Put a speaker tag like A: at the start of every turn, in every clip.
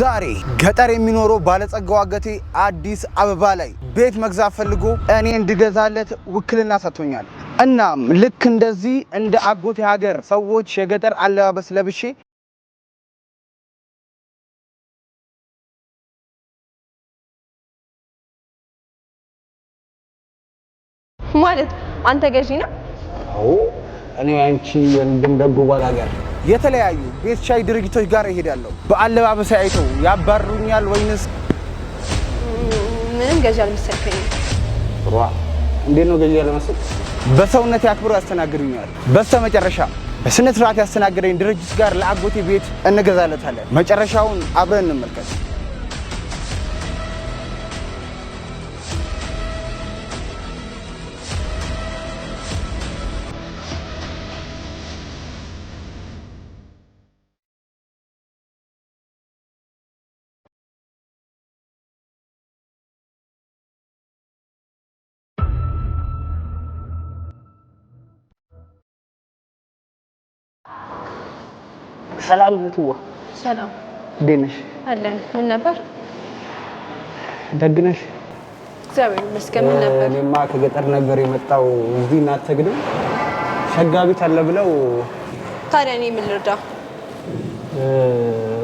A: ዛሬ ገጠር የሚኖረው ባለጸጋው አገቴ አዲስ አበባ ላይ ቤት መግዛት ፈልጎ እኔ እንድገዛለት ውክልና ሰጥቶኛል። እናም ልክ እንደዚህ እንደ አጎቴ ሀገር ሰዎች የገጠር አለባበስ ለብሼ
B: ማለት አንተ ገዢ ነው?
A: አዎ እኔ አንቺ የወንድም ደጉ የተለያዩ ቤት ሻይ ድርጅቶች ጋር እሄዳለሁ። በአለባበስ አይተው ያባሩኛል ወይንስ
B: ምንም ገዢ አልመሰልከኝም?
A: እንዴት ነው ገዢ ያለመስል? በሰውነት ያክብሮ ያስተናግዱኛል። በስተ መጨረሻ በስነ ስርዓት ያስተናገደኝ ድርጅት ጋር ለአጎቴ ቤት እንገዛለታለን። መጨረሻውን አብረን እንመልከት። ሰላም እህትዋ፣ ሰላም እንዴት ነሽ?
B: አለን። ምን ነበር? ደግ ነሽ? እግዚአብሔር ይመስገን። ምን ነበር?
A: እኔማ ከገጠር ነበር የመጣው። እዚህ እናት ሰግድም ሸጋ ቤት አለ ብለው።
B: ታዲያ እኔ ምን ልርዳ?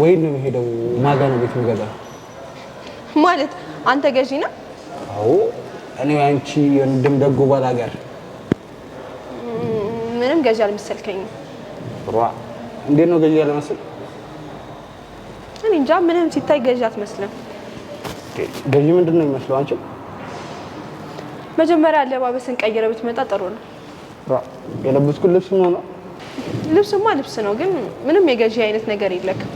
A: ወይን ነው የሄደው ማጋ ነው ቤት የምገዛ።
B: ማለት አንተ ገዢ ነው?
A: አዎ፣ እኔ አንቺ ወንድም ደጎ
B: ምንም ገዢ አልመሰልከኝም።
A: እንዴት ነው ገዢ ያለ መስል?
B: እኔ እንጃ ምንም ሲታይ ገዢ አትመስልም።
A: ገዢ ምንድን ነው የሚመስለው አንቺ?
B: መጀመሪያ አለባበስን ቀይረ ብትመጣ ጥሩ ነው።
A: የለበስኩት ልብስ ነው ነው?
B: ልብስማ ልብስ ነው፣ ግን ምንም የገዢ አይነት ነገር የለክም።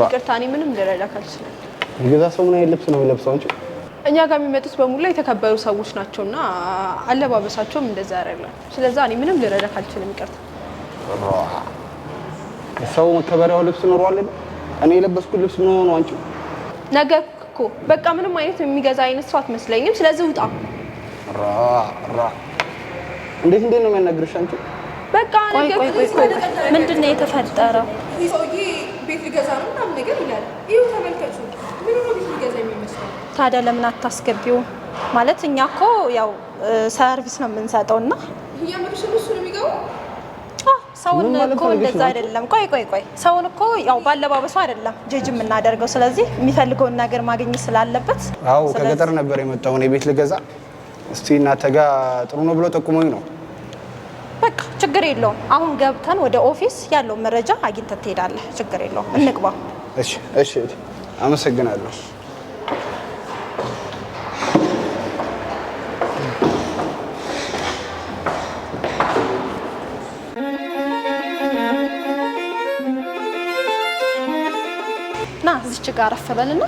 B: ይቅርታ፣ እኔ ምንም ልረዳ ካልችልም።
A: የገዛ ሰው ምን አይነት ልብስ ነው የሚለብሰው አንቺ?
B: እኛ ጋር የሚመጡት በሙሉ የተከበሩ ሰዎች ናቸውና አለባበሳቸውም እንደዛ አይደለም። ስለዛ እኔ ምንም ልረዳ ካልችልም ይቅርታ።
A: ሰው መከበሪያው ልብስ ኖሮ አለ እኔ የለበስኩት ልብስ ምን ሆኖ አንቺ
B: ነገ እኮ በቃ ምንም አይነት የሚገዛ አይነት ሰው አትመስለኝም። ስለዚህ ውጣ።
A: ራ ራ እንዴት እንዴት ነው የሚያናግርሽ አንቺ?
B: በቃ
C: ነገ ምንድን ነው የተፈጠረው?
D: ሰውዬ ቤት ሊገዛ ነው ምናምን ነገር ይላል። ይኸው ተመልከቱ። ምን ነው ቤት ሊገዛ የሚመስለው?
B: ታዲያ ለምን አታስገቢው? ማለት እኛ እኮ ያው ሰርቪስ ነው የምንሰጠው እና
D: እያምርሽ ነው የሚገባ
B: ሰውን እኮ እንደዛ አይደለም። ቆይ ቆይ ቆይ ሰውን እኮ ያው ባለባበሱ አይደለም ጀጅ የምናደርገው። ስለዚህ የሚፈልገውን ነገር ማግኘት ስላለበት።
A: አዎ ከገጠር ነበር የመጣው እኔ ቤት ልገዛ። እስቲ እናንተ ጋ ጥሩ ነው ብሎ ጠቁሞኝ ነው።
B: በቃ ችግር የለውም። አሁን ገብተን ወደ ኦፊስ ያለውን መረጃ አግኝተ ትሄዳለህ። ችግር የለውም። እንግባ።
A: እሺ፣ እሺ። አመሰግናለሁ።
B: እዚች ጋር አረፈበልና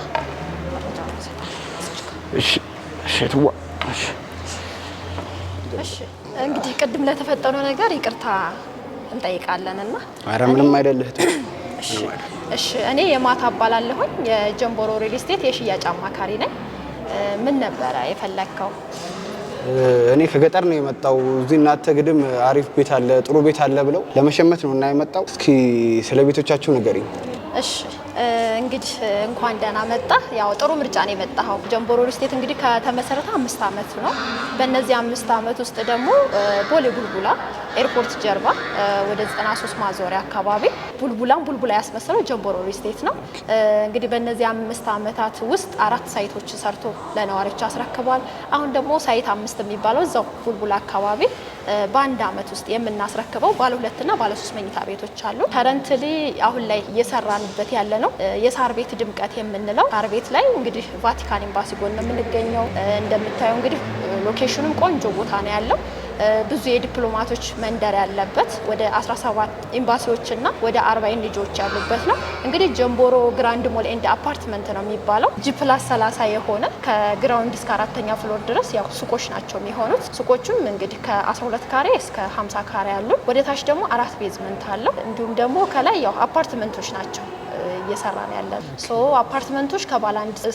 B: እንግዲህ ቅድም ለተፈጠረው ነገር ይቅርታ እንጠይቃለን እና
A: ኧረ ምንም አይደለህ።
B: እሺ እኔ የማታ አባላለሁኝ የጀንቦሮ ሪል ስቴት የሽያጭ አማካሪ ነኝ። ምን ነበረ የፈለግከው?
A: እኔ ከገጠር ነው የመጣው። እዚህ እናተ ግድም አሪፍ ቤት አለ ጥሩ ቤት አለ ብለው ለመሸመት ነው እና የመጣው። እስኪ ስለ ቤቶቻችሁ ንገሪኝ።
B: እሺ እንግዲህ እንኳን ደህና መጣ። ያው ጥሩ ምርጫ ነው የመጣኸው። ጀምቦሮ ሪል ስቴት እንግዲህ ከተመሰረተ አምስት አመት ነው። በእነዚህ አምስት አመት ውስጥ ደግሞ ቦሌ ቡልቡላ ኤርፖርት ጀርባ ወደ 93 ማዞሪያ አካባቢ ቡልቡላን ቡልቡላ ያስመሰለው ጀምቦሮ ሪል ስቴት ነው። እንግዲህ በእነዚህ አምስት ዓመታት ውስጥ አራት ሳይቶች ሰርቶ ለነዋሪዎች አስረክቧል። አሁን ደግሞ ሳይት አምስት የሚባለው እዛው ቡልቡላ አካባቢ በአንድ አመት ውስጥ የምናስረክበው ባለ ሁለትና ባለ ሶስት መኝታ ቤቶች አሉ። ከረንትሊ አሁን ላይ እየሰራንበት ያለ ነው የሳር ቤት ድምቀት የምንለው ሳር ቤት ላይ እንግዲህ ቫቲካን ኤምባሲ ጎን ነው የምንገኘው። እንደምታየው እንግዲህ ሎኬሽኑም ቆንጆ ቦታ ነው ያለው ብዙ የዲፕሎማቶች መንደር ያለበት ወደ 17 ኤምባሲዎችና ወደ 40 ልጆች ያሉበት ነው። እንግዲህ ጀምቦሮ ግራንድ ሞል ኤንድ አፓርትመንት ነው የሚባለው። ጂ ፕላስ 30 የሆነ ከግራውንድ እስከ አራተኛ ፍሎር ድረስ ያው ሱቆች ናቸው የሚሆኑት። ሱቆቹም እንግዲህ ከ12 ካሬ እስከ 50 ካሬ አሉ። ወደ ታች ደግሞ አራት ቤዝመንት አለው። እንዲሁም ደግሞ ከላይ ያው አፓርትመንቶች ናቸው። ነው ያለን። ሶ አፓርትመንቶች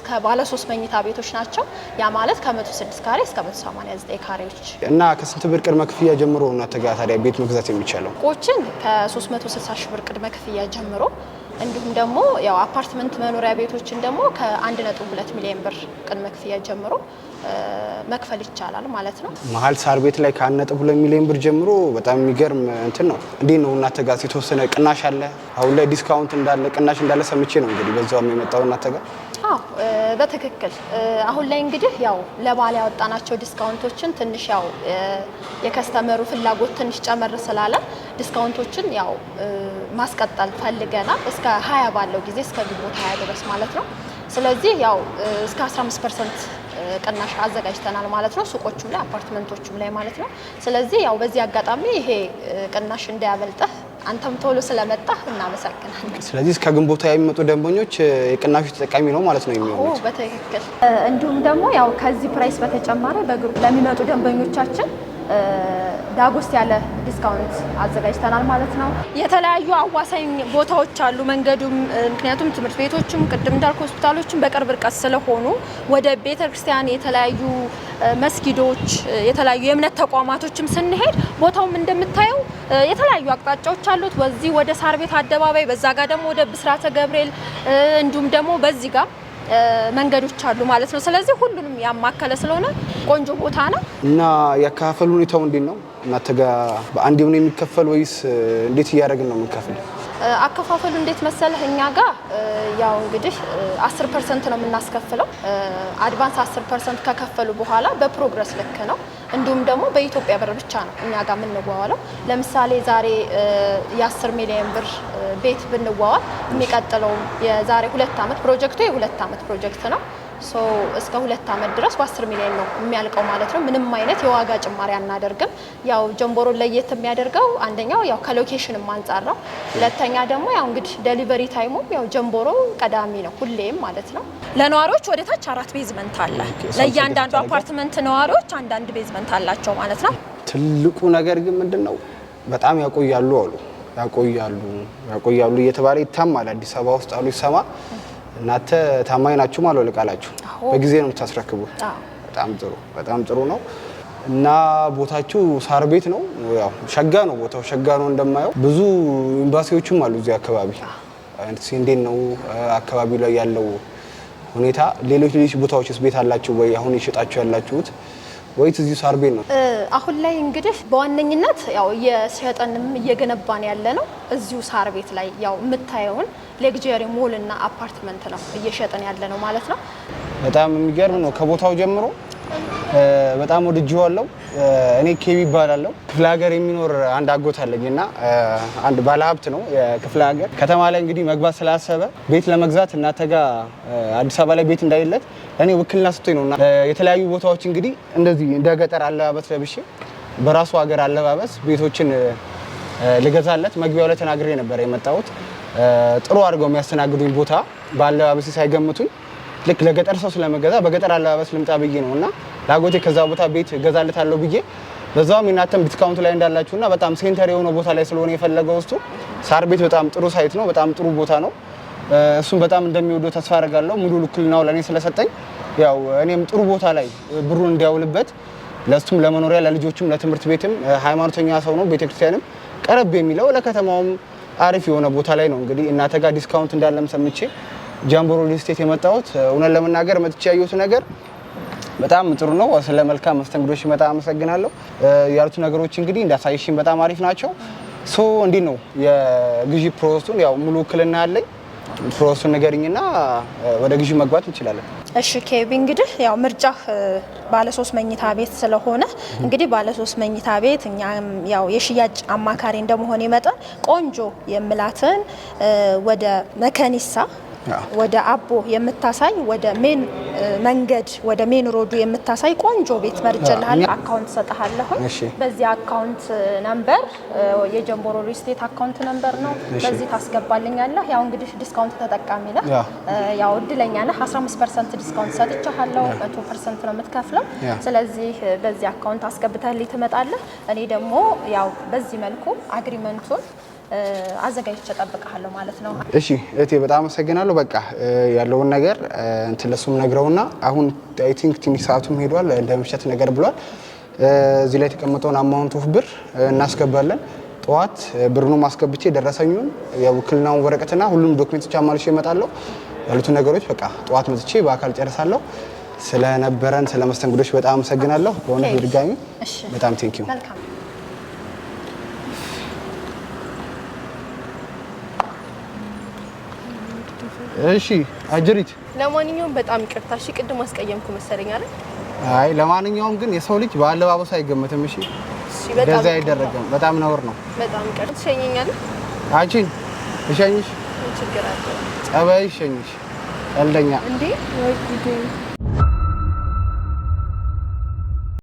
B: ከባለ ሶስት መኝታ ቤቶች ናቸው። ያ ማለት ከ106 ካሬ እስከ 189 ካሬዎች
A: እና ከስንት ብር ቅድመ ክፍያ ጀምሮ እና ታዲያ ቤት መግዛት የሚቻለው?
B: ቆችን ከ360 ሺህ ብር ቅድመ ክፍያ ጀምሮ እንዲሁም ደግሞ ያው አፓርትመንት መኖሪያ ቤቶችን ደግሞ ከአንድ 12 ሚሊዮን ብር ቅድመ ክፍያ ጀምሮ መክፈል ይቻላል ማለት ነው።
A: መሀል ሳር ቤት ላይ ከ ነጥብ ሚሊዮን ብር ጀምሮ በጣም የሚገርም እንትን ነው። እንዴት ነው እናንተ ጋር የተወሰነ ቅናሽ አለ? አሁን ላይ ዲስካውንት እንዳለ ቅናሽ እንዳለ ሰምቼ ነው እንግዲህ በዛውም የመጣው እናንተ ጋር
B: አዎ በትክክል አሁን ላይ እንግዲህ ያው ለባለ ያወጣናቸው ዲስካውንቶችን ትንሽ ያው የከስተመሩ ፍላጎት ትንሽ ጨመር ስላለ ዲስካውንቶችን ያው ማስቀጠል ፈልገናል እስከ ሀያ ባለው ጊዜ እስከ ግንቦት ሀያ ድረስ ማለት ነው። ስለዚህ ያው እስከ 15 ፐርሰንት ቅናሽ አዘጋጅተናል ማለት ነው። ሱቆቹም ላይ አፓርትመንቶቹም ላይ ማለት ነው። ስለዚህ ያው በዚህ አጋጣሚ ይሄ ቅናሽ እንዳያመልጥህ አንተም ቶሎ ስለመጣህ እናመሰግናለን።
A: ስለዚህ ከግንቦት የሚመጡ ደንበኞች የቅናሹ ተጠቃሚ ነው ማለት ነው
B: የሚሆኑት። በትክክል እንዲሁም ደግሞ ያው ከዚህ ፕራይስ በተጨማሪ በግሩፕ ለሚመጡ ደንበኞቻችን ዳጎስ ያለ ዲስካውንት አዘጋጅተናል ማለት ነው። የተለያዩ አዋሳኝ ቦታዎች አሉ። መንገዱም ምክንያቱም ትምህርት ቤቶችም ቅድም እንዳልኩ ሆስፒታሎችም በቅርብ ርቀት ስለሆኑ ወደ ቤተ ክርስቲያን፣ የተለያዩ መስጊዶች፣ የተለያዩ የእምነት ተቋማቶችም ስንሄድ ቦታውም እንደምታየው የተለያዩ አቅጣጫዎች አሉት። በዚህ ወደ ሳር ቤት አደባባይ፣ በዛ ጋር ደግሞ ወደ ብስራተ ገብርኤል እንዲሁም ደግሞ በዚህ ጋር መንገዶች አሉ ማለት ነው። ስለዚህ ሁሉንም ያማከለ ስለሆነ ቆንጆ ቦታ ነው
A: እና ያከፋፈል ሁኔታው እንዴት ነው? እናንተ ጋ በአንድ የሆነ የሚከፈል ወይስ እንዴት እያደረግን ነው የምንከፍል?
B: አከፋፈሉ እንዴት መሰለህ? እኛ ጋር ያው እንግዲህ 10 ፐርሰንት ነው የምናስከፍለው። አድቫንስ 10 ፐርሰንት ከከፈሉ በኋላ በፕሮግረስ ልክ ነው። እንዲሁም ደግሞ በኢትዮጵያ ብር ብቻ ነው እኛ ጋር የምንዋዋለው። ለምሳሌ ዛሬ የ10 ሚሊዮን ብር ቤት ብንዋዋል የሚቀጥለው የዛሬ ሁለት ዓመት ፕሮጀክቱ የሁለት ዓመት ፕሮጀክት ነው እስከ ሁለት ዓመት ድረስ በ10 ሚሊዮን ነው የሚያልቀው ማለት ነው። ምንም አይነት የዋጋ ጭማሪ አናደርግም። ያው ጀንቦሮን ለየት የሚያደርገው አንደኛው ያው ከሎኬሽንም አንጻር ነው። ሁለተኛ ደግሞ ያው እንግዲህ ዴሊቨሪ ታይሙም ያው ጀንቦሮ ቀዳሚ ነው ሁሌም ማለት ነው። ለነዋሪዎች ወደ ታች አራት ቤዝመንት አለ። ለእያንዳንዱ አፓርትመንት ነዋሪዎች አንዳንድ ቤዝመንት አላቸው ማለት ነው።
A: ትልቁ ነገር ግን ምንድን ነው በጣም ያቆያሉ አሉ ያቆያሉ ያቆያሉ እየተባለ ይታማል። አዲስ አበባ ውስጥ አሉ ይሰማ እናንተ ታማኝ ናችሁ ማለት ልቃላችሁ በጊዜ ነው የምታስረክቡ። በጣም ጥሩ በጣም ጥሩ ነው። እና ቦታችሁ ሳር ቤት ነው፣ ያው ሸጋ ነው ቦታው ሸጋ ነው እንደማየው። ብዙ ኤምባሲዎችም አሉ እዚህ አካባቢ። እንዴት ነው አካባቢው ላይ ያለው ሁኔታ? ሌሎች ሌሎች ቦታዎችስ ቤት አላችሁ ወይ? አሁን የሸጣችሁ ያላችሁት ወይስ እዚሁ ሳር ቤት ነው?
B: አሁን ላይ እንግዲህ በዋነኝነት ያው እየሸጠንም እየገነባን ያለ ነው እዚሁ ሳር ቤት ላይ ያው የምታየውን ሌግጀሪ ሞል እና አፓርትመንት ነው እየሸጥን ያለ ነው ማለት ነው።
A: በጣም የሚገርም ነው። ከቦታው ጀምሮ በጣም ወድጄዋለሁ። እኔ ኬቢ ይባላለሁ። ክፍለ ሀገር የሚኖር አንድ አጎት አለኝ እና አንድ ባለሀብት ነው የክፍለ ሀገር ከተማ ላይ እንግዲህ መግባት ስላሰበ ቤት ለመግዛት እናንተ ጋ አዲስ አበባ ላይ ቤት እንዳይለት እኔ ውክልና ስቶኝ ነው እና የተለያዩ ቦታዎች እንግዲህ እንደዚህ እንደ ገጠር አለባበስ ለብሼ በራሱ ሀገር አለባበስ ቤቶችን ልገዛለት መግቢያው ላይ ተናግሬ ነበር የመጣሁት። ጥሩ አድርገው የሚያስተናግዱኝ ቦታ በአለባበስ ሳይገምቱኝ ልክ ለገጠር ሰው ስለመገዛ በገጠር አለባበስ ልምጣ ብዬ ነው እና ለአጎቴ ከዛ ቦታ ቤት እገዛለታለሁ ብዬ በዛውም የእናንተም ዲስካውንት ላይ እንዳላችሁና በጣም ሴንተር የሆነ ቦታ ላይ ስለሆነ የፈለገው ውስጡ ሳር ቤት በጣም ጥሩ ሳይት ነው፣ በጣም ጥሩ ቦታ ነው። እሱም በጣም እንደሚወደው ተስፋ አደርጋለሁ። ሙሉ ልኩልናው ለእኔ ስለሰጠኝ ያው እኔም ጥሩ ቦታ ላይ ብሩን እንዲያውልበት ለእሱም ለመኖሪያ ለልጆችም ለትምህርት ቤትም ሃይማኖተኛ ሰው ነው። ቤተክርስቲያንም ቀረብ የሚለው ለከተማውም አሪፍ የሆነ ቦታ ላይ ነው እንግዲህ እናተ ጋር ዲስካውንት እንዳለም ሰምቼ ጃምቦ ሪል ስቴት የመጣሁት። እውነት ለመናገር መጥቼ ያየሁት ነገር በጣም ጥሩ ነው። ስለ መልካም መስተንግዶሽ በጣም አመሰግናለሁ። ያሉት ነገሮች እንግዲህ እንዳሳየሽኝ በጣም አሪፍ ናቸው። ሶ እንዲህ ነው የግዢ ፕሮሰሱን ያው ሙሉ ውክልና ያለኝ ፕሮሰሱን ነገርኝና ወደ ግዢ መግባት እንችላለን።
B: እሺ ኬቢ እንግዲህ ያው ምርጫህ ባለ ሶስት መኝታ ቤት ስለሆነ እንግዲህ ባለ ሶስት መኝታ ቤት እኛም ያው የሽያጭ አማካሪ እንደመሆን መጠን ቆንጆ የምላትን ወደ መከኒሳ ወደ አቦ የምታሳይ ወደ ሜን መንገድ ወደ ሜን ሮዱ የምታሳይ ቆንጆ ቤት መርጬልሃለሁ። አካውንት ሰጥሃለሁ። በዚህ አካውንት ነምበር የጀንቦሮ ሪል ስቴት አካውንት ነምበር ነው። በዚህ ታስገባልኛለህ። ያው እንግዲህ ዲስካውንት ተጠቃሚ ነህ፣ ያው እድለኛ ነህ። 15 ፐርሰንት ዲስካውንት ሰጥቻለሁ። መቶ ፐርሰንት ነው የምትከፍለው። ስለዚህ በዚህ አካውንት አስገብተህልኝ ትመጣለህ። እኔ ደግሞ ያው በዚህ መልኩ አግሪመንቱን አዘጋጅቼ እጠብቅሃለሁ ማለት ነው።
A: እሺ እህቴ በጣም አመሰግናለሁ። በቃ ያለውን ነገር እንትን ለሱም ነግረውና አሁን አይ ቲንክ ትንሽ ሰዓቱም ሄዷል እንደምሸት ነገር ብሏል። እዚህ ላይ የተቀመጠውን አማውንት ኦፍ ብር እናስገባለን። ጠዋት ብሩንም ማስገብቼ ደረሰኙን የውክልናውን ወረቀትና ሁሉም ዶክሜንቶች አማልሼ እመጣለሁ። ያሉትን ነገሮች በቃ ጠዋት መጥቼ በአካል ጨርሳለሁ። ስለነበረን ስለ መስተንግዶች በጣም አመሰግናለሁ። በእውነት በድጋሚ በጣም ቴንኪዩ። እሺ አጅሪት፣
B: ለማንኛውም በጣም ይቅርታ። እሺ ቅድም አስቀየምኩ መሰለኝ አይደል?
A: አይ ለማንኛውም ግን የሰው ልጅ በአለባበሱ አይገመትም። እሺ እንደዛ አይደረግም። በጣም ነውር ነው።
B: በጣም ይቅርታ። ትሸኘኛለህ?
A: አንቺን እሸኝሽ። ጸባይ ይሸኝሽ። ቀልደኛ እንዴ! ወይ